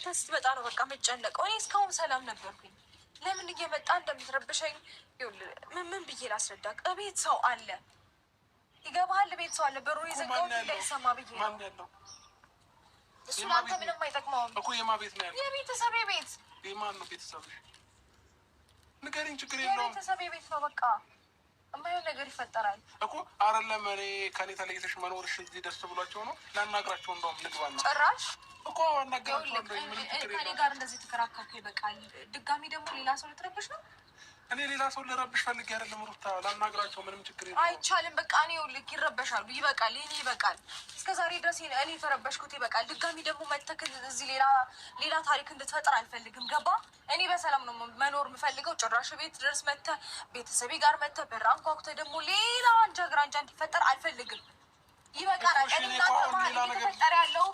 አንተ ስትመጣ ነው በቃ የምጨነቀው። እኔ እስካሁን ሰላም ነበርኩኝ። ለምን እየመጣ እንደምትረብሸኝ ምን ምን ብዬ ላስረዳቅ? እቤት ሰው አለ፣ ይገባሃል? ቤት ሰው አለ። በሩ የዘጋው እንዳይሰማ ብዬ ነው። እሱ ለአንተ ምንም አይጠቅመውም እኮ። የማ ቤት ነው ያለው? የቤተሰቤ ቤት። የማን ነው ቤተሰብ? ንገሪኝ፣ ችግር የለውም። የቤተሰቤ ቤት ነው በቃ የማይሆን ነገር ይፈጠራል እኮ አይደለም። እኔ ከኔ ተለይተሽ መኖርሽ እዚህ ደስ ብሏቸው ነው ላናግራቸው። እንደውም ልግባ ጭራሽ እኮ ከኔ ጋር እንደዚህ ተከራከርኩ፣ ይበቃል። ድጋሚ ደግሞ ሌላ ሰው ልትረብሽ ነው። እኔ ሌላ ሰው ልረብሽ ፈልጌ አይደለም ሩታ፣ ላናግራቸው ምንም ችግር የለም። አይቻልም። በቃ እኔ ይኸውልህ ይረበሻሉ። ይበቃል። እኔ ይበቃል። እስከ ዛሬ ድረስ እኔ የተረበሽኩት ይበቃል። ድጋሚ ደግሞ መተክል እዚህ ሌላ ሌላ ታሪክ እንድትፈጥር አልፈልግም። ገባ? እኔ በሰላም ነው መኖር የምፈልገው። ጭራሽ ቤት ድረስ መተህ ቤተሰቤ ጋር መተህ በር አንኳኩተህ ደግሞ ሌላ አንጃ ግራንጃ እንዲፈጠር አልፈልግም። ይበቃል። እኔ እናንተ መሀል እየተፈጠረ ያለው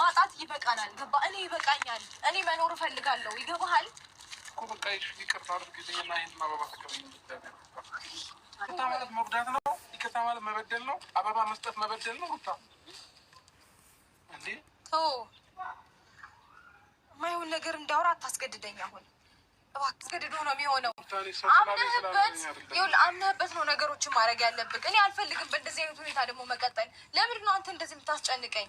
ማጣት ይበቃናል። ገባ እኔ ይበቃኛል። እኔ መኖር እፈልጋለሁ። ይገባሃል እኮ በቃ ይቅርታ አድርግልኝና ይህን አበባ ተቀበይኝ። ይቅርታ ማለት መጉዳት ነው። ይቅርታ ማለት መበደል ነው። አበባ መስጠት መበደል ነው። ሩታ እንዴ ማይሆን ነገር እንዳወራ አታስገድደኝ። አሁን አስገድዶ ነው የሚሆነው። አምነህበት ይኸውልህ፣ አምነህበት ነው ነገሮችን ማድረግ ያለብን። እኔ አልፈልግም በእንደዚህ አይነት ሁኔታ ደግሞ መቀጠል። ለምንድን ነው አንተ እንደዚህ የምታስጨንቀኝ?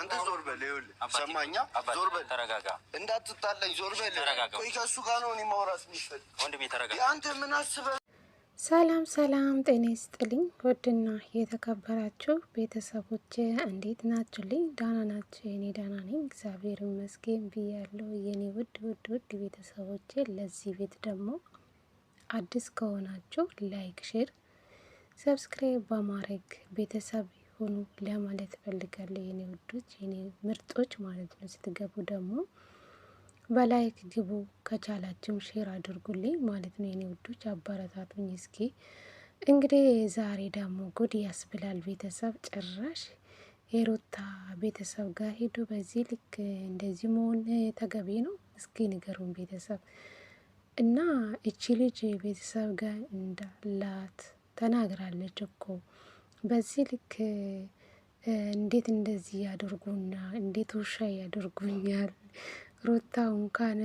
አንተ ዞር በል ሰማኛ፣ ዞር በል ተረጋጋ፣ እንዳትጣለኝ ዞር በል ቆይ፣ ከእሱ ጋር ነው እኔ ማውራት የሚፈልግ ወንድሜ፣ ተረጋጋ። አንተ ምን አስበህ ሰላም ሰላም፣ ጤና ይስጥልኝ። ውድና የተከበራችሁ ቤተሰቦች እንዴት ናችሁልኝ? ዳና ናችሁ? የኔ ዳና ነኝ፣ እግዚአብሔር ይመስገን ብያለሁ። የኔ ውድ ውድ ውድ ቤተሰቦች፣ ለዚህ ቤት ደግሞ አዲስ ከሆናችሁ ላይክ፣ ሼር፣ ሰብስክራይብ በማድረግ ቤተሰብ ሆኑ ለማለት እፈልጋለሁ የኔ ውዶች የኔ ምርጦች ማለት ነው። ስትገቡ ደግሞ በላይክ ግቡ፣ ከቻላችም ሼር አድርጉልኝ ማለት ነው የኔ ውዶች አበረታቱኝ እስኪ። እንግዲህ ዛሬ ደግሞ ጉድ ያስብላል ቤተሰብ ጭራሽ የሩታ ቤተሰብ ጋር ሄዱ። በዚህ ልክ እንደዚህ መሆን ተገቢ ነው? እስኪ ንገሩን ቤተሰብ። እና እቺ ልጅ ቤተሰብ ጋር እንዳላት ተናግራለች እኮ በዚህ ልክ እንዴት እንደዚህ ያደርጉና እንዴት ውሻ ያደርጉኛል? ሩታ እንኳን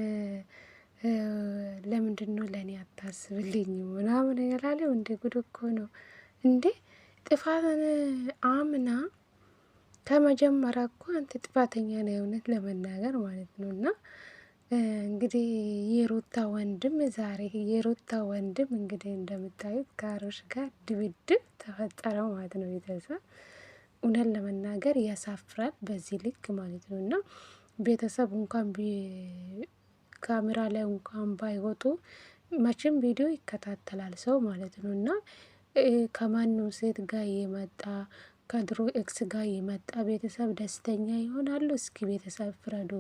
ለምንድን ነው ለእኔ አታስብልኝ ምናምን ያላለው እንደ ጉድ እኮ ነው እንዴ! ጥፋትን አምና ከመጀመሪያ እኮ አንተ ጥፋተኛ ነው የእውነት ለመናገር ማለት ነው እና እንግዲህ የሩታ ወንድም ዛሬ የሩታ ወንድም እንግዲህ እንደምታዩት ከአብርሽ ጋር ድብድብ ተፈጠረ ማለት ነው። ቤተሰብ እውነት ለመናገር ያሳፍራል በዚህ ልክ ማለት ነው። እና ቤተሰብ እንኳን ካሜራ ላይ እንኳን ባይወጡ መቼም ቪዲዮ ይከታተላል ሰው ማለት ነው። እና ከማንም ሴት ጋር የመጣ ከድሮ ኤክስ ጋር የመጣ ቤተሰብ ደስተኛ ይሆናሉ? እስኪ ቤተሰብ ፍረዱ።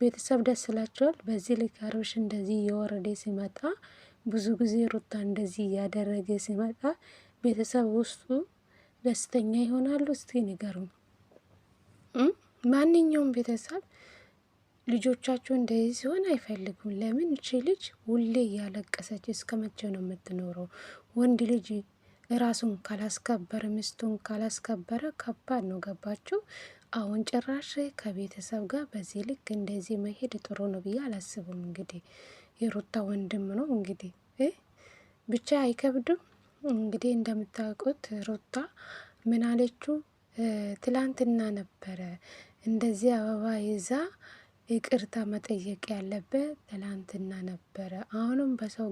ቤተሰብ ደስ ስላቸዋል። በዚህ ልክ አብርሽ እንደዚህ እየወረደ ሲመጣ ብዙ ጊዜ ሩታ እንደዚህ እያደረገ ሲመጣ ቤተሰብ ውስጡ ደስተኛ ይሆናሉ። እስቲ ንገሩ። ማንኛውም ቤተሰብ ልጆቻቸው እንደዚህ ሲሆን አይፈልጉም። ለምን እቺ ልጅ ሁሌ እያለቀሰች እስከ መቼ ነው የምትኖረው? ወንድ ልጅ ራሱን ካላስከበር ሚስቱን ካላስከበረ ከባድ ነው። ገባችሁ? አሁን ጭራሽ ከቤተሰብ ጋር በዚህ ልክ እንደዚህ መሄድ ጥሩ ነው ብዬ አላስብም። እንግዲህ የሩታ ወንድም ነው እንግዲህ ብቻ አይከብድም። እንግዲህ እንደምታውቁት ሩታ አለችው? ትላንትና ነበረ እንደዚህ አበባ ይዛ ይቅርታ መጠየቅ ያለበት ትላንትና ነበረ። አሁንም በሰው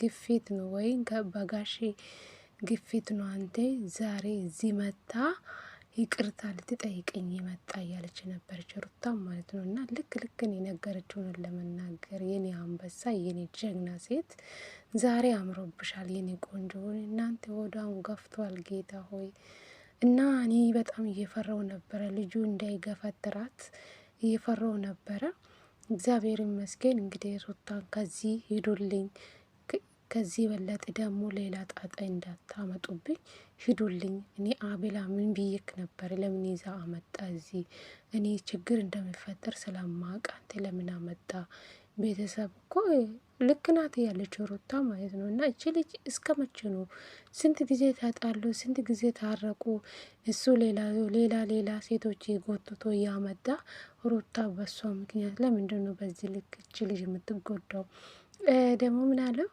ግፊት ነው ወይም በጋሼ ግፊት ነው። አንቴ ዛሬ እዚህ መታ ይቅርታ ልትጠይቀኝ የመጣ እያለች ነበረች ሩታ ማለት ነው። እና ልክ ልክን የነገረችውን ለመናገር የኔ አንበሳ፣ የኔ ጀግና ሴት ዛሬ አምሮብሻል የኔ ቆንጆ፣ እናንተ ወዳውን ገፍቷል ጌታ ሆይ። እና እኔ በጣም እየፈራው ነበረ ልጁ እንዳይገፈትራት እየፈራው ነበረ። እግዚአብሔር ይመስገን እንግዲህ ሩታን ከዚህ ሂዱልኝ ከዚህ በለጠ ደግሞ ሌላ ጣጣ እንዳታመጡብኝ፣ ሂዱልኝ። እኔ አቤላ ምን ብይክ ነበር? ለምን ይዛ አመጣ እዚህ? እኔ ችግር እንደሚፈጠር ስለማቅ አንተ ለምን አመጣ? ቤተሰብ እኮ ልክ ናት ያለችው ሩታ ማለት ነው። እና እቺ ልጅ እስከ መቼ ነው? ስንት ጊዜ ታጣሉ ስንት ጊዜ ታረቁ። እሱ ሌላ ሌላ ሌላ ሴቶች ጎትቶ እያመጣ ሩታ በሷ ምክንያት ለምንድን ነው በዚህ ልክ እቺ ልጅ የምትጎዳው? ደግሞ ምን አለው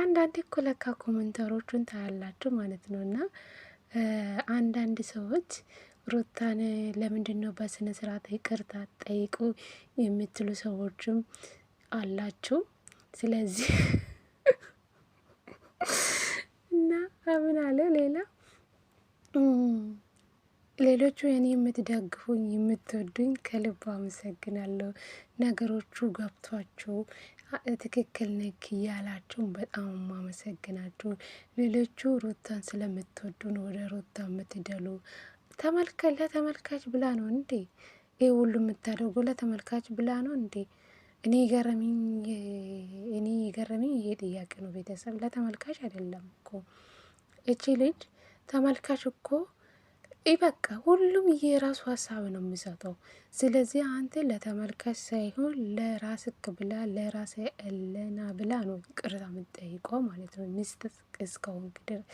አንዳንድ እኮ ለካ ኮመንተሮቹን ታያላችሁ ማለት ነው። እና አንዳንድ ሰዎች ሩታን ለምንድን ነው በስነ ስርዓት ይቅርታ ጠይቁ የምትሉ ሰዎችም አላችሁ። ስለዚህ እና ምን አለ ሌላ ሌሎቹ የኔ የምትደግፉኝ የምትወዱኝ ከልብ አመሰግናለሁ። ነገሮቹ ገብቷችሁ ትክክል ነክ እያላችሁን በጣም ማመሰግናችሁ። ሌሎቹ ሩታን ስለምትወዱን ወደ ሩታ የምትደሉ ተመልከለ ለተመልካች ብላ ነው እንዴ? ይህ ሁሉ የምታደርጉ ለተመልካች ብላ ነው እንዴ? እኔ ገረሚኝ እኔ የገረሚኝ ይሄ ጥያቄ ነው ቤተሰብ። ለተመልካች አይደለም እኮ እቺ ልጅ ተመልካች እኮ በቃ ሁሉም የራሱ ሀሳብ ነው የሚሰጠው። ስለዚህ አንተ ለተመልካች ሳይሆን ለራስክ ብላ ለራስ እለና ብላ ነው ቅርታ የምጠይቀው ማለት ነው። ሚስት እስከሆንክ ድረስ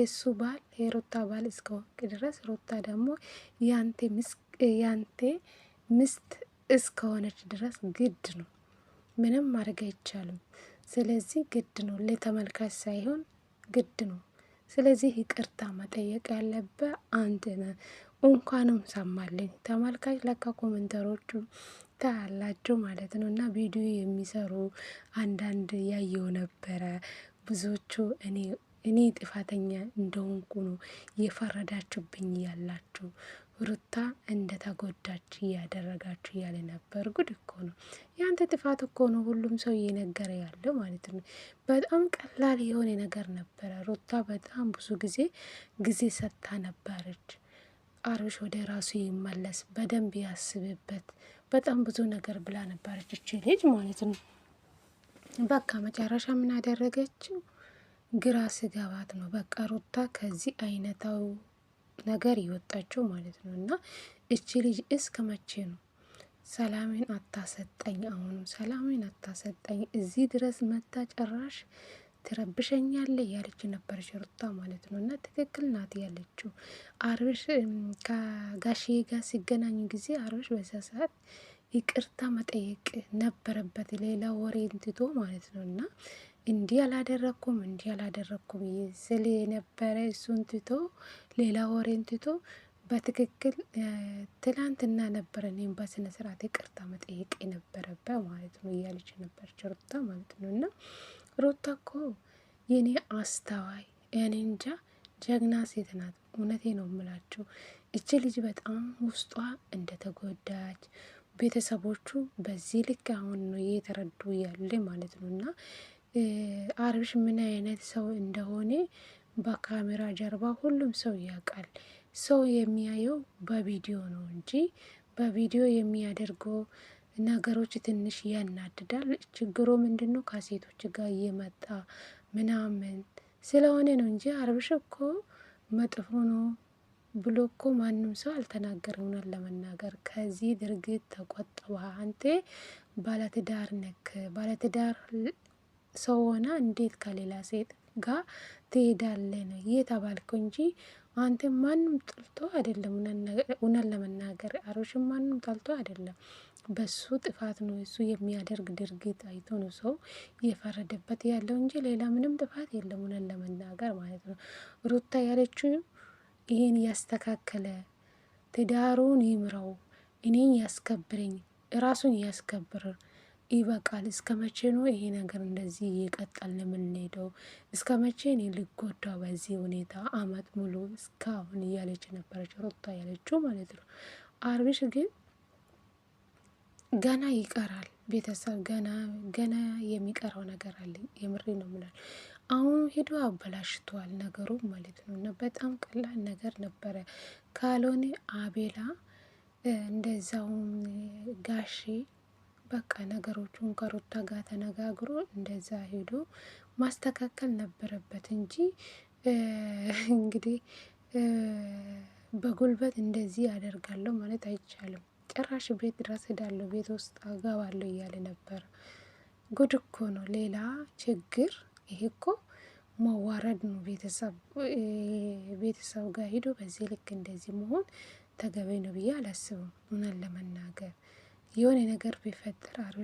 የእሱ ባል የሮታ ባል እስከሆንክ ድረስ ሮታ ደግሞ ያንቴ ሚስት እስከሆነች ድረስ ግድ ነው፣ ምንም ማድረግ አይቻልም። ስለዚህ ግድ ነው ለተመልካች ሳይሆን ግድ ነው። ስለዚህ ይቅርታ መጠየቅ ያለበ አንድ ነ እንኳንም ሰማልኝ። ተመልካች ለካ ኮመንተሮቹ ታያላቸው ማለት ነው እና ቪዲዮ የሚሰሩ አንዳንድ ያየው ነበረ ብዙዎቹ እኔ እኔ ጥፋተኛ እንደሆንኩ ነው የፈረዳችሁብኝ ያላችሁ ሩታ እንደተጎዳች እያደረጋችሁ እያለ ነበር። ጉድ እኮ ነው። ያንተ ጥፋት እኮ ነው ሁሉም ሰው እየነገረ ያለው ማለት ነው። በጣም ቀላል የሆነ ነገር ነበረ። ሩታ በጣም ብዙ ጊዜ ጊዜ ሰጥታ ነበረች። አብርሽ ወደ ራሱ ይመለስ፣ በደንብ ያስብበት። በጣም ብዙ ነገር ብላ ነበረች እች ልጅ ማለት ነው። በቃ መጨረሻ ምን አደረገችው? ግራ ስገባት ነው። በቃ ሩታ ከዚህ አይነታው ነገር ይወጣቸው ማለት ነው። እና እቺ ልጅ እስከ መቼ ነው ሰላሜን አታሰጠኝ? አሁኑ ሰላሜን አታሰጠኝ። እዚህ ድረስ መታ ጨራሽ ትረብሸኛለ ያለች ነበረች ሽሩታ ማለት ነው። እና ትክክል ናት ያለችው። አርብሽ ከጋሼ ጋር ሲገናኙ ጊዜ አርብሽ በዛ ሰዓት ይቅርታ መጠየቅ ነበረበት ሌላ ወሬ እንትቶ ማለት ነው እና እንዲህ አላደረግኩም እንዲህ አላደረግኩም ስል የነበረ እሱን ትቶ ሌላ ወሬን ትቶ በትክክል ትላንትና ነበረ እኔም በስነ ስርዓት ይቅርታ መጠየቅ የነበረበ ማለት ነው እያለች ነበረች ሩታ ማለት ነው። እና ሩታ እኮ የኔ አስተዋይ እኔ እንጃ ጀግና ሴት ናት። እውነቴ ነው የምላችሁ። እች ልጅ በጣም ውስጧ እንደተጎዳች ቤተሰቦቹ በዚህ ልክ አሁን ነው እየተረዱ ያለ ማለት ነው እና አብርሽ ምን አይነት ሰው እንደሆነ በካሜራ ጀርባ ሁሉም ሰው ያውቃል። ሰው የሚያየው በቪዲዮ ነው እንጂ በቪዲዮ የሚያደርገው ነገሮች ትንሽ ያናድዳል። ችግሩ ምንድን ነው? ከሴቶች ጋር እየመጣ ምናምን ስለሆነ ነው እንጂ አብርሽ እኮ መጥፎ ነው ብሎ እኮ ማንም ሰው አልተናገረም። ለመናገር ከዚህ ድርጊት ተቆጠባ። አንቴ ባለትዳር ነክ ባለትዳር ሰው ሆና እንዴት ከሌላ ሴት ጋር ትሄዳለ ነው የተባልከው እንጂ አንተ ማንም ጠልቶ አይደለም። እውነት ለመናገር አሮሽን ማንም ጠልቶ አይደለም። በሱ ጥፋት ነው እሱ የሚያደርግ ድርጊት አይቶ ነው ሰው እየፈረደበት ያለው እንጂ ሌላ ምንም ጥፋት የለም። እውነት ለመናገር ማለት ነው ሩታ ያለችው ይህን ያስተካከለ ትዳሩን ይምረው፣ እኔን ያስከብረኝ፣ ራሱን ያስከብር ይበቃል። እስከ መቼ ነው ይሄ ነገር እንደዚህ እየቀጠል የምንሄደው? እስከ መቼ እኔ ልጎዳ በዚህ ሁኔታ አመት ሙሉ እስካሁን እያለች ነበረች ሩታ ያለችው ማለት ነው። አብርሽ ግን ገና ይቀራል። ቤተሰብ ገና ገና የሚቀረው ነገር አለ። የምሬ ነው ምላል አሁን ሄዶ አበላሽቷል ነገሩ ማለት ነው። እና በጣም ቀላል ነገር ነበረ ካልሆነ አቤላ እንደዛውም ጋሼ በቃ ነገሮቹን ከሩታ ጋር ተነጋግሮ እንደዛ ሄዶ ማስተካከል ነበረበት እንጂ እንግዲህ በጉልበት እንደዚህ ያደርጋለሁ ማለት አይቻልም። ጭራሽ ቤት ድረስ ሄዳለሁ፣ ቤት ውስጥ አገባለሁ እያለ ነበር። ጉድ እኮ ነው። ሌላ ችግር ይሄ እኮ መዋረድ ነው። ቤተሰብ ጋር ሂዶ በዚህ ልክ እንደዚህ መሆን ተገቢ ነው ብዬ አላስብም፣ እውነት ለመናገር የሆነ ነገር ቢፈጠር አብርሽ